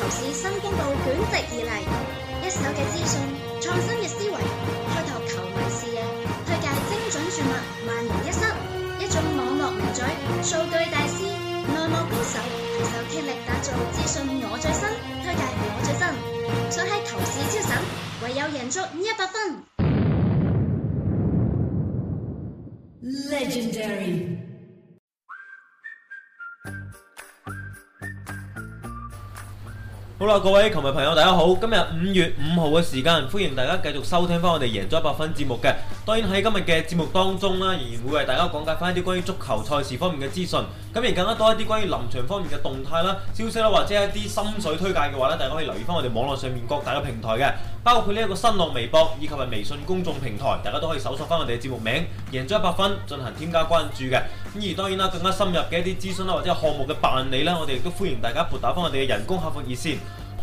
投市新風暴卷席而嚟，一手嘅資訊，創新嘅思維，開拓球迷視野，推介精準注物，萬無一失。一眾網絡名嘴，數據大師，內幕高手，携手傾力打造資訊我最新，推介我最新。想喺投市超神，唯有贏足一百分。Legendary。好啦，各位球迷朋友，大家好！今日五月五號嘅時間，歡迎大家繼續收聽翻我哋贏足 100FUN 節目嘅。當然，喺今日嘅節目當中咧，仍然會為大家講解翻一啲關於足球賽事方面嘅資訊。咁而更加多一啲關於臨場方面嘅動態啦、消息啦，或者係一啲心水推介嘅話咧，大家可以留意翻我哋網絡上面各大嘅平台嘅，包括呢一個新浪微博以及係微信公眾平台，大家都可以搜索翻我哋嘅節目名《贏足 100FUN》進行添加關注嘅。咁而當然啦，更加深入嘅一啲資訊啦，或者係項目嘅辦理啦，我哋亦都歡迎大家撥打翻我哋嘅人工客服熱線。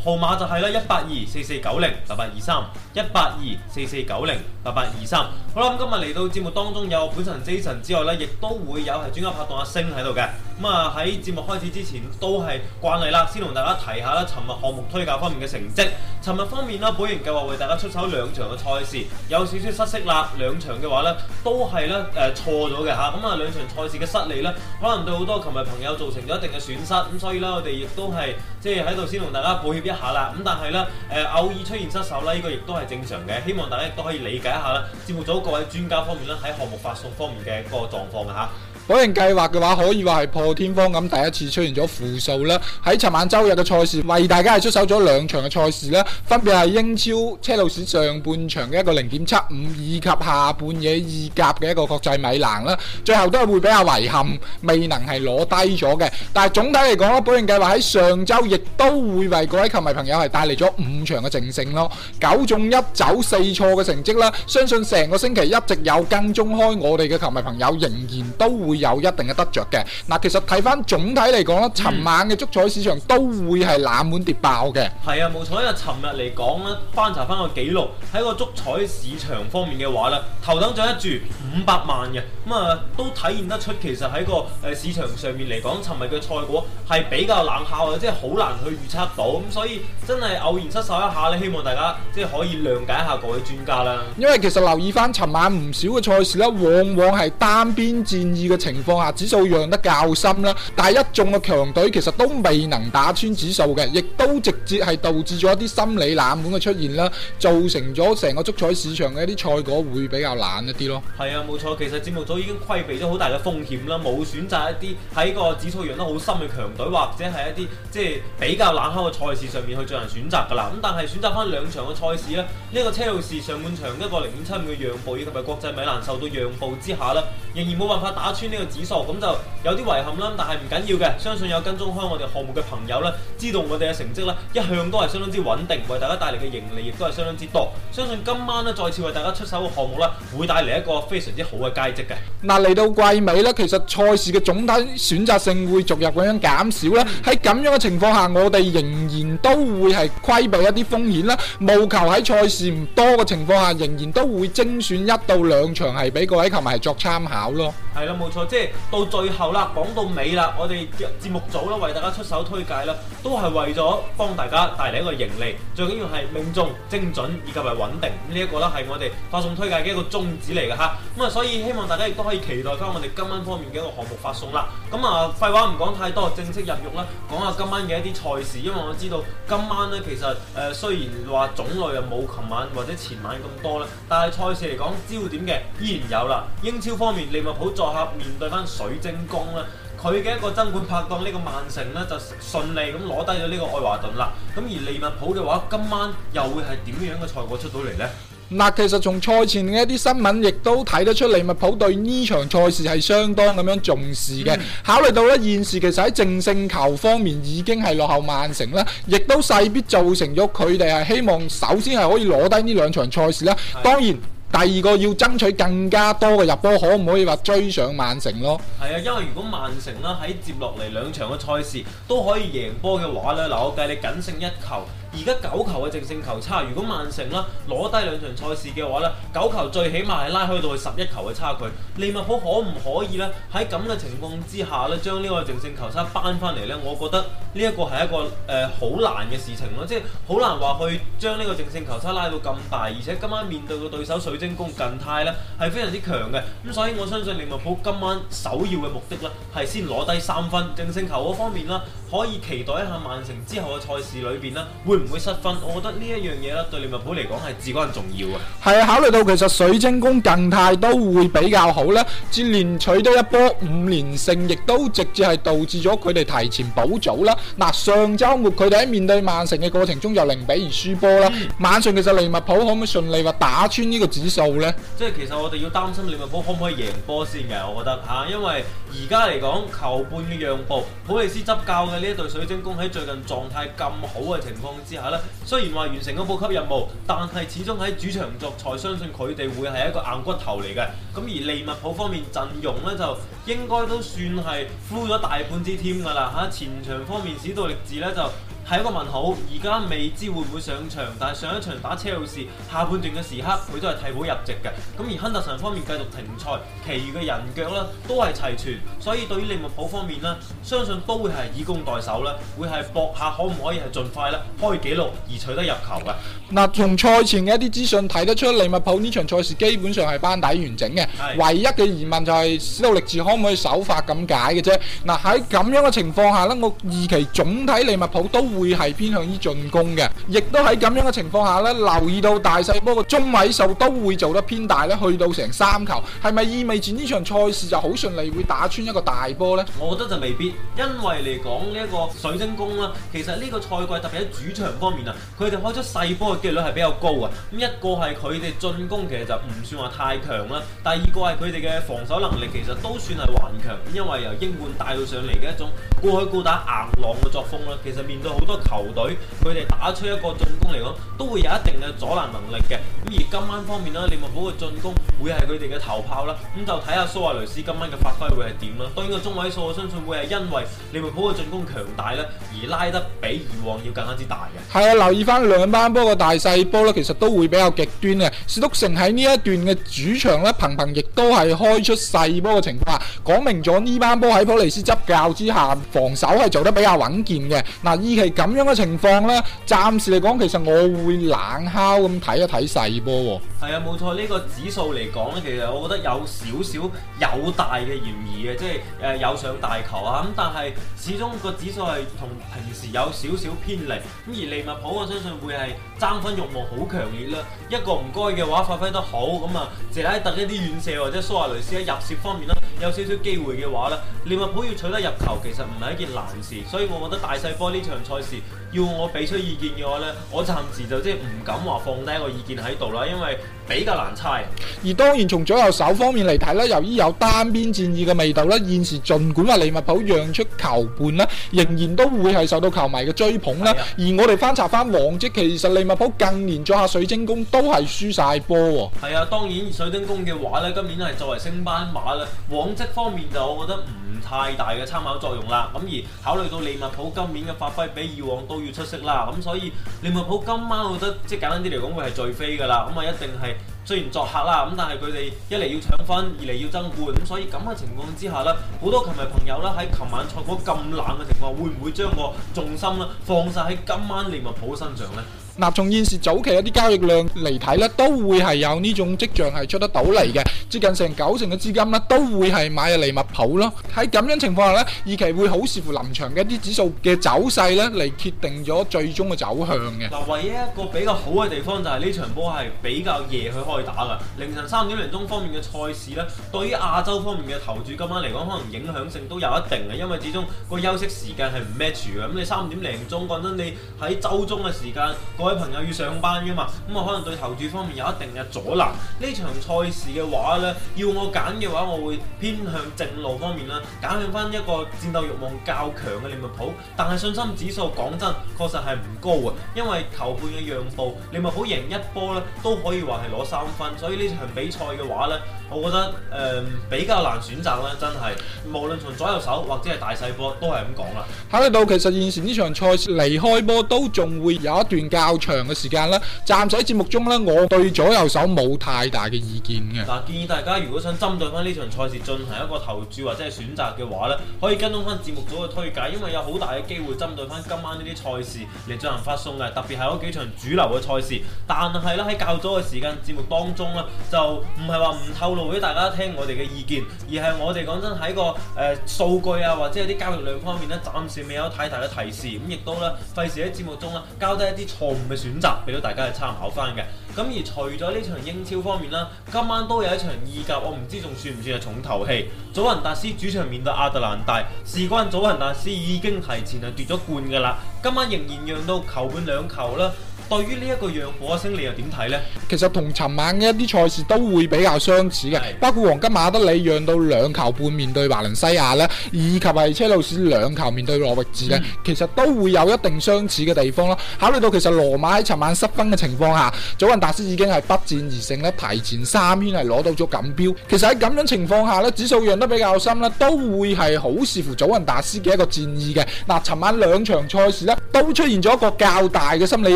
號碼就係啦，一八二四四九零八八二三，一八二四四九零八八二三。好啦，咁今日嚟到節目當中有本身 Jason 之外呢，亦都會有係專家拍檔阿星喺度嘅。咁啊喺節目開始之前都係慣例啦，先同大家提下啦，尋日項目推介方面嘅成績。尋日方面啦，保盈計劃為大家出手兩場嘅賽事，有少少失色啦。兩場嘅話呢，都係呢誒錯咗嘅嚇。咁啊兩場賽事嘅失利呢，可能對好多尋日朋友造成咗一定嘅損失。咁所以呢，我哋亦都係。即係喺度先同大家抱歉一下啦，咁但係咧，誒偶爾出現失手啦，呢個亦都係正常嘅，希望大家亦都可以理解一下啦。節目組各位專家方面咧，喺項目發送方面嘅嗰個狀況吓保盈計劃嘅話，可以話係破天荒咁第一次出現咗負數啦。喺尋晚周日嘅賽事，為大家係出手咗兩場嘅賽事啦，分別係英超車路士上半場嘅一個零點七五，以及下半夜意甲嘅一個國際米蘭啦。最後都係會比較遺憾，未能係攞低咗嘅。但係總體嚟講啦，保盈計劃喺上週亦都會為各位球迷朋友係帶嚟咗五場嘅淨勝咯，九中一走四錯嘅成績啦。相信成個星期一直有跟蹤開我哋嘅球迷朋友，仍然都會有一定嘅得着嘅，嗱，其實睇翻總體嚟講咧，尋晚嘅足彩市場都會係冷門跌爆嘅。係啊，冇彩啊，尋日嚟講咧，翻查翻個記錄喺個足彩市場方面嘅話咧，頭等獎一注五百萬嘅，咁啊都體現得出，其實喺個誒市場上面嚟講，尋日嘅賽果係比較冷效嘅，即係好難去預測到，咁所以真係偶然失手一下咧，希望大家即係可以諒解一下各位專家啦。因為其實留意翻尋晚唔少嘅賽事咧，往往係單邊戰意嘅。情況下，指數讓得較深啦，但係一眾嘅強隊其實都未能打穿指數嘅，亦都直接係導致咗一啲心理冷門嘅出現啦，造成咗成個足彩市場嘅一啲賽果會比較冷一啲咯。係啊，冇錯，其實節目組已經規避咗好大嘅風險啦，冇選擇一啲喺個指數讓得好深嘅強隊，或者係一啲即係比較冷口嘅賽事上面去進行選擇噶啦。咁但係選擇翻兩場嘅賽事咧，呢、呢個車路士上半場一個零點七五嘅讓步，以及係國際米蘭受到讓步之下咧，仍然冇辦法打穿呢個個指數咁就有啲遺憾啦，但係唔緊要嘅。相信有跟蹤開我哋項目嘅朋友呢，知道我哋嘅成績呢，一向都係相當之穩定，為大家帶嚟嘅盈利亦都係相當之多。相信今晚呢再次為大家出手嘅項目呢，會帶嚟一個非常之好嘅佳績嘅。嗱，嚟到季尾呢，其實賽事嘅總體選擇性會逐日咁樣減少啦。喺咁樣嘅情況下，我哋仍然都會係規避一啲風險啦。務求喺賽事唔多嘅情況下，仍然都會精選一到兩場係俾各位球迷作參考咯。係啦，冇錯。即係到最後啦，講到尾啦，我哋節目組啦為大家出手推介啦，都係為咗幫大家帶嚟一個盈利，最緊要係命中、精準以及係穩定。呢、嗯、一、這個咧係我哋發送推介嘅一個宗旨嚟嘅吓，咁啊，所以希望大家亦都可以期待翻我哋今晚方面嘅一個項目發送啦。咁啊，廢話唔講太多，正式入肉啦，講下今晚嘅一啲賽事。因為我知道今晚咧其實誒、呃、雖然話種類啊冇琴晚或者前晚咁多啦，但係賽事嚟講焦點嘅依然有啦。英超方面，利物浦作客。面對翻水晶宮啦，佢嘅一個爭冠拍檔呢個曼城呢，就順利咁攞低咗呢個愛華頓啦。咁而利物浦嘅話，今晚又會係點樣嘅賽果出到嚟呢？嗱，其實從賽前嘅一啲新聞亦都睇得出利物浦對呢場賽事係相當咁樣重視嘅。嗯、考慮到呢現時其實喺淨勝球方面已經係落後曼城啦，亦都勢必造成咗佢哋係希望首先係可以攞低呢兩場賽事啦。的當然。第二個要爭取更加多嘅入波，可唔可以話追上曼城咯？係啊，因為如果曼城喺接落嚟兩場嘅賽事都可以贏波嘅話咧，嗱，我計你僅勝一球。而家九球嘅正勝球差，如果曼城啦攞低兩場賽事嘅話咧，九球最起碼係拉開到去十一球嘅差距。利物浦可唔可以咧喺咁嘅情況之下咧，將呢個正勝球差扳翻嚟咧？我覺得呢一個係一個誒好難嘅事情咯，即係好難話去將呢個正勝球差拉到咁大。而且今晚面對嘅對手水晶宮近態咧係非常之強嘅，咁所以我相信利物浦今晚首要嘅目的咧係先攞低三分，正勝球嗰方面啦，可以期待一下曼城之後嘅賽事裏邊咧會會失分，我覺得呢一樣嘢咧，對利物浦嚟講係至關重要啊。係啊，考慮到其實水晶宮近態都會比較好咧，接連取得一波五連勝，亦都直接係導致咗佢哋提前保組啦。嗱，上周末佢哋喺面對曼城嘅過程中又零比二輸波啦。晚上其實利物浦可唔可以順利話打穿呢個指數咧？即係其實我哋要擔心利物浦可唔可以贏波先嘅，我覺得吓，因為。而家嚟講，球半嘅讓步，普利斯執教嘅呢一隊水晶宮喺最近狀態咁好嘅情況之下呢，雖然話完成咗保級任務，但係始終喺主場作賽，相信佢哋會係一個硬骨頭嚟嘅。咁而利物浦方面陣容呢就應該都算係 full 咗大半支 team 㗎喇吓，前場方面史度力治呢就。係一個問號，而家未知會唔會上場，但係上一場打車路士下半段嘅時刻，佢都係替補入席嘅。咁而亨特臣方面繼續停賽，其餘嘅人腳呢都係齊全，所以對於利物浦方面呢，相信都會係以攻代守啦，會係搏下可唔可以係盡快呢，開紀錄而取得入球嘅。嗱，從賽前嘅一啲資訊睇得出利物浦呢場賽事基本上係班底完整嘅，的唯一嘅疑問就係史路力治可唔可以首發咁解嘅啫。嗱，喺咁樣嘅情況下呢，我預期總體利物浦都。會係偏向於進攻嘅，亦都喺咁樣嘅情況下咧，留意到大細波嘅中位數都會做得偏大咧，去到成三球，係咪意味住呢場賽事就好順利會打穿一個大波呢？我覺得就未必，因為嚟講呢一個水晶宮啦，其實呢個賽季特別喺主場方面啊，佢哋開咗細波嘅機率係比較高啊。咁一個係佢哋進攻其實就唔算話太強啦，第二個係佢哋嘅防守能力其實都算係頑強，因為由英冠帶到上嚟嘅一種過去固打硬朗嘅作風啦，其實面對好多球隊佢哋打出一個進攻嚟講，都會有一定嘅阻攔能力嘅。咁而今晚方面呢，利物浦嘅進攻會係佢哋嘅頭炮啦。咁就睇下蘇亞雷斯今晚嘅發揮會係點啦。當然個中位數我相信會係因為利物浦嘅進攻強大咧，而拉得比以往要更加之大嘅。係啊，留意翻兩班波嘅大細波咧，其實都會比較極端嘅。史篤城喺呢一段嘅主場咧，頻頻亦都係開出細波嘅情況，講明咗呢班波喺普利斯執教之下，防守係做得比較穩健嘅。嗱，依期。咁樣嘅情況呢，暫時嚟講，其實我會冷敲咁睇一睇細波喎。係啊，冇錯，呢個指數嚟講呢，其實我覺得有少少有大嘅嫌疑嘅，即係誒有上大球啊。咁但係始終個指數係同平時有少少偏離。咁而利物浦，我相信會係爭分欲望好強烈啦。一個唔該嘅話發揮得好，咁啊，謝拉特呢啲遠射或者蘇亞雷斯喺入射方面咧。有少少機會嘅話呢，利物浦要取得入球其實唔係一件難事，所以我覺得大細波呢場賽事。要我俾出意見嘅話呢，我暫時就即係唔敢話放低個意見喺度啦，因為比較難猜。而當然從左右手方面嚟睇呢，由於有單邊戰意嘅味道呢，現時儘管話利物浦讓出球盤呢，仍然都會係受到球迷嘅追捧啦。啊、而我哋翻查翻往績，其實利物浦近年做下水晶宮都係輸晒波喎。係啊，當然水晶宮嘅話呢，今年係作為升班馬咧，往績方面就我覺得唔太大嘅參考作用啦。咁而考慮到利物浦今年嘅發揮比以往都，要出色啦，咁所以利物浦今晚我覺得即係簡單啲嚟講，會係最飛噶啦，咁啊一定係雖然作客啦，咁但係佢哋一嚟要搶分，二嚟要爭冠，咁所以咁嘅情況之下咧，好多球迷朋友啦喺琴晚賽果咁冷嘅情況，會唔會將個重心咧放晒喺今晚利物浦身上呢？嗱，從現時早期一啲交易量嚟睇咧，都會係有呢種跡象係出得到嚟嘅。接近成九成嘅資金啦，都會係買入利物浦咯。喺咁樣情況下呢，二期會好視乎臨場嘅一啲指數嘅走勢咧，嚟決定咗最終嘅走向嘅。嗱，唯一一個比較好嘅地方就係呢場波係比較夜去開打噶，凌晨三點零鐘方面嘅賽事咧，對於亞洲方面嘅投注今晚嚟講，可能影響性都有一定嘅，因為始終個休息時間係唔 match 嘅。咁你三點零鐘講真，你喺周中嘅時間，位朋友要上班噶嘛？咁啊，可能對投注方面有一定嘅阻攔，呢場賽事嘅話咧，要我揀嘅話我會偏向正路方面啦，揀向翻一個戰鬥欲望較強嘅利物浦。但係信心指數講真，確實係唔高啊，因為球半嘅讓步，利物浦贏一波咧都可以話係攞三分。所以呢場比賽嘅話咧，我覺得誒、呃、比較難選擇啦，真係無論從左右手或者係大細波都係咁講啦。考慮到，其實現時呢場賽事離開波都仲會有一段較。長嘅時間啦，暫時喺節目中呢，我對左右手冇太大嘅意見嘅。嗱、呃，建議大家如果想針對翻呢場賽事進行一個投注或者係選擇嘅話呢，可以跟蹤翻節目組嘅推介，因為有好大嘅機會針對翻今晚呢啲賽事嚟進行發送嘅。特別係嗰幾場主流嘅賽事，但係呢，喺較早嘅時間節目當中呢，就唔係話唔透露俾大家聽我哋嘅意見，而係我哋講真喺個誒數、呃、據啊，或者係啲交易量方面呢，暫時未有太大嘅提示。咁亦都呢，費事喺節目中咧交低一啲錯誤嘅選擇俾到大家去參考翻嘅，咁而除咗呢場英超方面啦，今晚都有一場意甲，我唔知仲算唔算係重頭戲。祖雲達斯主場面對亞特蘭大，事關祖雲達斯已經提前係奪咗冠㗎啦，今晚仍然讓到球半兩球啦。對於呢一個讓火星，你又點睇呢？其實同尋晚嘅一啲賽事都會比較相似嘅，的包括黃金馬德里讓到兩球半面對華倫西亞咧，以及係車路士兩球面對羅域治，嗯、其實都會有一定相似嘅地方，考慮到其實羅馬喺尋晚失分嘅情況下，祖雲達斯已經係不戰而勝咧，提前三圈係攞到咗錦標。其實喺咁樣情況下，指數讓得比較深，都會係好視乎祖雲達斯嘅一個戰意嘅。嗱、呃，尋晚兩場賽事呢都出現咗一個較大嘅心理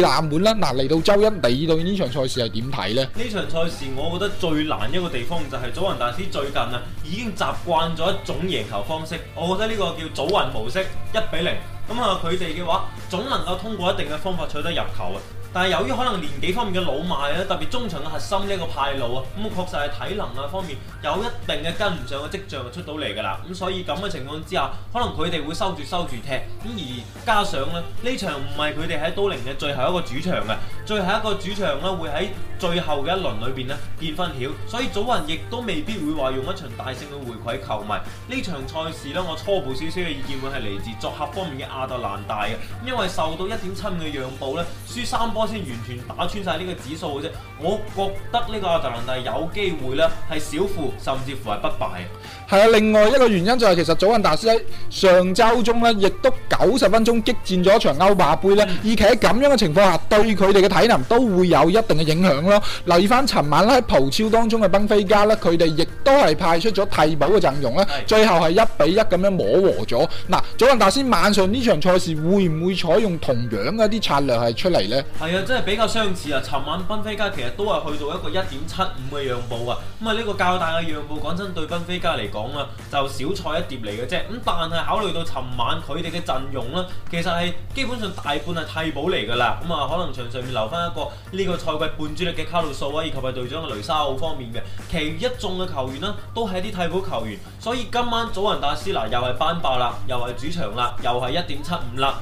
冷門。嗱，嚟到周一比，二度呢場賽事係點睇呢？呢場賽事我覺得最難一個地方就係祖雲大師最近啊已經習慣咗一種贏球方式，我覺得呢個叫祖雲模式，一比零。咁啊，佢哋嘅話總能夠通過一定嘅方法取得入球啊！但係由於可能年紀方面嘅老邁，特別中場嘅核心呢一個派路啊，咁確實係體能啊方面有一定嘅跟唔上嘅跡象就出到嚟㗎啦！咁所以咁嘅情況之下，可能佢哋會收住收住踢，咁而加上咧呢場唔係佢哋喺都靈嘅最後一個主場嘅。最後一個主場咧會喺最後嘅一輪裏邊咧見分曉，所以祖雲亦都未必會話用一場大勝去回饋球迷。這場呢場賽事咧，我初步少少嘅意見會係嚟自作客方面嘅亞特蘭大嘅，因為受到一點七五嘅讓步咧，輸三波先完全打穿晒呢個指數嘅啫。我覺得呢個亞特蘭大有機會咧係小負，甚至乎係不敗。係啊，另外一個原因就係其實祖雲達斯喺上週中咧亦都九十分鐘激戰咗一場歐霸盃咧，而且喺咁樣嘅情況下對佢哋嘅睇嚟都會有一定嘅影響咯。留意翻尋晚喺葡超當中嘅賓菲加啦，佢哋亦都係派出咗替補嘅陣容啦。是的 最後係一比一咁樣磨和咗。嗱，祖雲達斯晚上呢場賽事會唔會採用同樣嘅啲策略係出嚟呢？係啊，真係比較相似啊。尋晚賓菲加其實都係去到一個一點七五嘅讓步啊。咁啊，呢個較大嘅讓步，講真對賓菲加嚟講啊，就小菜一碟嚟嘅啫。咁但係考慮到尋晚佢哋嘅陣容啦，其實係基本上大半係替補嚟噶啦。咁啊，可能場上,上面留留翻一個呢個賽季半主力嘅卡路素啊，以及係隊長嘅雷沙奧方面嘅，其餘一眾嘅球員啦，都係啲替補球員。所以今晚祖雲達斯拿又係班霸啦，又係主場啦，又係一點七五啦。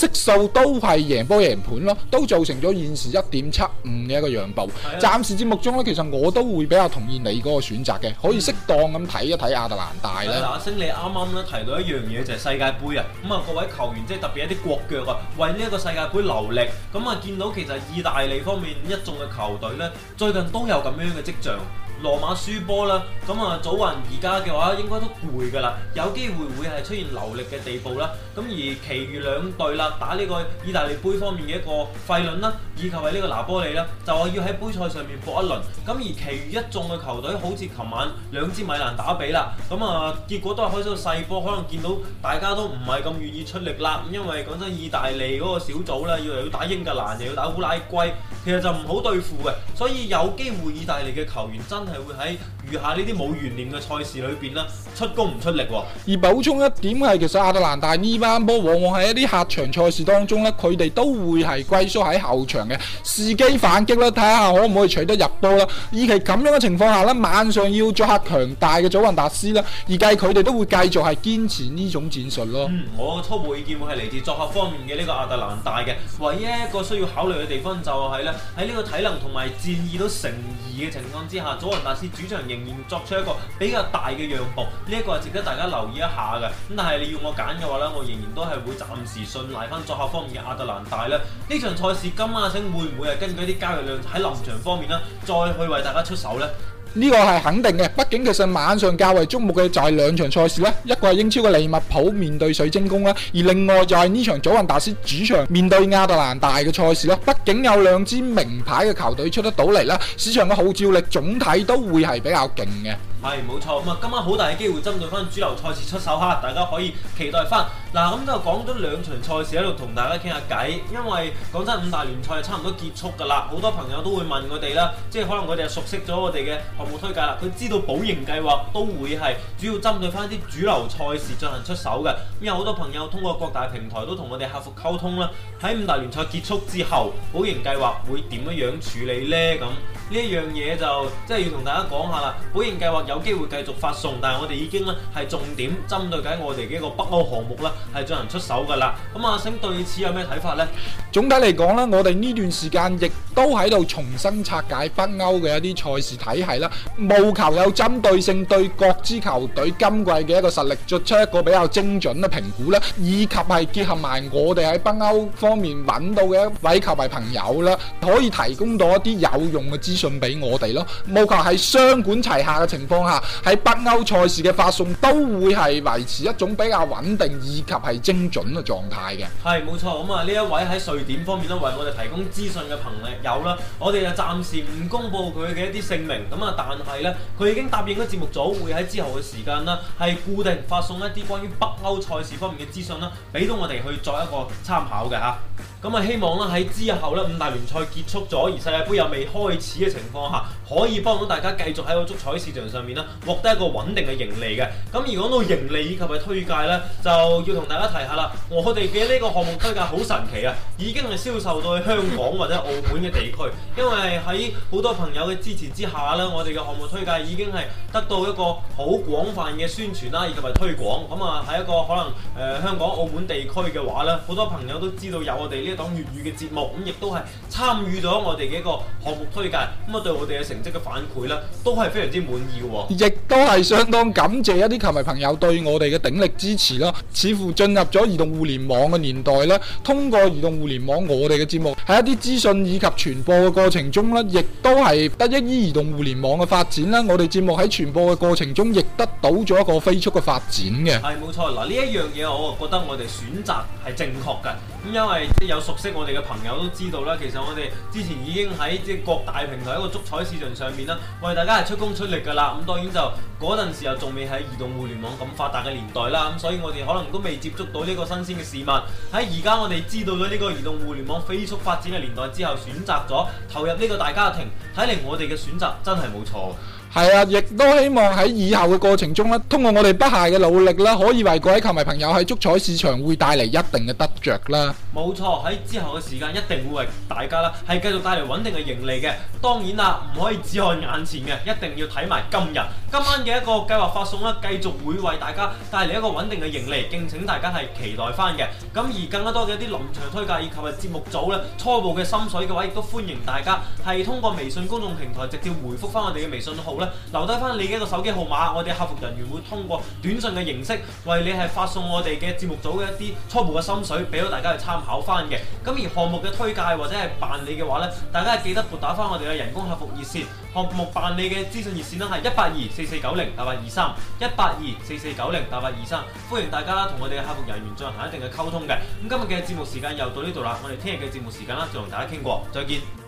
色數都係贏波贏盤咯，都造成咗現時一點七五嘅一個讓步。的暫時節目中咧，其實我都會比較同意你嗰個選擇嘅，可以適當咁睇一睇亞特蘭大咧。嗱、嗯，星，你啱啱咧提到一樣嘢就係、是、世界盃啊，咁啊各位球員即係特別一啲國腳啊，為呢一個世界盃流力，咁啊見到其實意大利方面一眾嘅球隊咧，最近都有咁樣嘅跡象。羅馬輸波啦，咁啊祖雲而家嘅話應該都攰㗎啦，有機會會係出現流力嘅地步啦。咁而其餘兩隊啦，打呢個意大利杯方面嘅一個廢輪啦，以及係呢個拿波利啦，就話要喺杯賽上面搏一輪。咁而其餘一眾嘅球隊，好似琴晚兩支米蘭打比啦，咁啊結果都係開咗個細波，可能見到大家都唔係咁願意出力啦。咁因為講真，意大利嗰個小組啦，要又要打英格蘭，又要打烏拉圭，其實就唔好對付嘅。所以有機會意大利嘅球員真～係會喺。餘下呢啲冇懸念嘅賽事裏邊呢，出工唔出力喎。而補充一點係，其實亞特蘭大呢班波往往喺一啲客場賽事當中呢，佢哋都會係龜縮喺後場嘅，伺機反擊啦。睇下可唔可以取得入波啦。以其咁樣嘅情況下呢，晚上要作客強大嘅祖雲達斯呢，而計佢哋都會繼續係堅持呢種戰術咯。嗯，我初步意見會係嚟自作客方面嘅呢個亞特蘭大嘅。唯一一個需要考慮嘅地方就係、是、呢，喺呢個體能同埋戰意都成疑嘅情況之下，祖雲達斯主場仍然作出一個比較大嘅讓步，呢、這、一個係值得大家留意一下嘅。咁但係你要我揀嘅話咧，我仍然都係會暫時信賴翻作客方面嘅亞特蘭大咧。呢場賽事今晚阿星會唔會係根據啲交易量喺臨場方面咧，再去為大家出手咧？呢個係肯定嘅，畢竟其實晚上較為矚目嘅就係兩場賽事啦，一個係英超嘅利物浦面對水晶宮啦，而另外就係呢場祖雲達斯主場面對亞特蘭大嘅賽事啦，畢竟有兩支名牌嘅球隊出得到嚟啦，市場嘅號召力總體都會係比較勁嘅。係冇錯，咁啊今晚好大嘅機會，針對翻主流賽事出手吓，大家可以期待翻。嗱，咁就講咗兩場賽事喺度同大家傾下偈，因為講真，五大聯賽差唔多結束噶啦，好多朋友都會問我哋啦，即係可能我哋熟悉咗我哋嘅項目推介啦，佢知道保盈計劃都會係主要針對翻啲主流賽事進行出手嘅。咁有好多朋友通過各大平台都同我哋客服溝通啦，喺五大聯賽結束之後，保盈計劃會點樣樣處理呢？咁。呢一樣嘢就即係要同大家講下啦，保盈計劃有機會繼續發送，但係我哋已經咧係重點針對緊我哋幾個北歐項目啦，係進行出手㗎啦。咁阿星對此有咩睇法呢？總體嚟講呢，我哋呢段時間亦都喺度重新拆解北歐嘅一啲賽事體系啦，務求有針對性對各支球隊今季嘅一個實力作出一個比較精準嘅評估啦，以及係結合埋我哋喺北歐方面揾到嘅一位球迷朋友啦，可以提供到一啲有用嘅資訊。信俾我哋咯，務求喺雙管齊下嘅情況下，喺北歐賽事嘅發送都會係維持一種比較穩定以及係精準嘅狀態嘅。係冇錯，咁啊呢一位喺瑞典方面咧為我哋提供資訊嘅朋友有啦，我哋就暫時唔公佈佢嘅一啲姓名，咁啊但係呢，佢已經答應咗節目組會喺之後嘅時間啦，係固定發送一啲關於北歐賽事方面嘅資訊啦，俾到我哋去作一個參考嘅嚇。咁啊希望啦喺之後呢五大聯賽結束咗，而世界杯又未開始的情況下可以幫到大家繼續喺個足彩市場上面啦，獲得一個穩定嘅盈利嘅。咁而講到盈利以及係推介呢，就要同大家提一下啦。我哋嘅呢個項目推介好神奇啊，已經係銷售到去香港或者澳門嘅地區。因為喺好多朋友嘅支持之下呢，我哋嘅項目推介已經係得到一個好廣泛嘅宣傳啦、啊，以及係推廣。咁啊喺一個可能誒、呃、香港、澳門地區嘅話呢，好多朋友都知道有我哋呢一檔粵語嘅節目，咁亦都係參與咗我哋嘅一個項目推介。咁啊，對我哋嘅成績嘅反饋咧，都係非常之滿意嘅喎、哦。亦都係相當感謝一啲球迷朋友對我哋嘅鼎力支持啦。似乎進入咗移動互聯網嘅年代咧，通過移動互聯網，我哋嘅節目喺一啲資訊以及傳播嘅過程中咧，亦都係得益於移動互聯網嘅發展啦。我哋節目喺傳播嘅過程中，亦得到咗一個飛速嘅發展嘅。係冇錯，嗱呢一樣嘢，我覺得我哋選擇係正確嘅。咁因為有熟悉我哋嘅朋友都知道啦，其實我哋之前已經喺即各大平台一個足彩市場上面啦，為大家係出工出力㗎啦，咁當然就嗰陣時候仲未喺移動互聯網咁發達嘅年代啦，咁所以我哋可能都未接觸到呢個新鮮嘅事物。喺而家我哋知道咗呢個移動互聯網飛速發展嘅年代之後，選擇咗投入呢個大家庭，睇嚟我哋嘅選擇真係冇錯。係啊，亦都希望喺以後嘅過程中咧，通過我哋不懈嘅努力啦，可以為各位球迷朋友喺足彩市場會帶嚟一定嘅得着啦。冇錯，喺之後嘅時間一定會為大家啦，係繼續帶嚟穩定嘅盈利嘅。當然啦，唔可以只看眼前嘅，一定要睇埋今日、今晚嘅一個計劃發送啦，繼續會為大家帶嚟一個穩定嘅盈利，敬請大家係期待翻嘅。咁而更加多嘅一啲臨場推介以及係節目組咧，初步嘅心水嘅話，亦都歡迎大家係通過微信公眾平台直接回覆翻我哋嘅微信號。留低翻你嘅一個手機號碼，我哋客服人員會通過短信嘅形式為你係發送我哋嘅節目組嘅一啲初步嘅心水，俾到大家去參考翻嘅。咁而項目嘅推介或者係辦理嘅話呢，大家係記得撥打翻我哋嘅人工客服熱線，項目辦理嘅資訊熱線呢係一八二四四九零八八二三，一八二四四九零八八二三，歡迎大家啦，同我哋嘅客服人員進行一定嘅溝通嘅。咁今日嘅節目時間又到呢度啦，我哋聽日嘅節目時間啦，就同大家傾過，再見。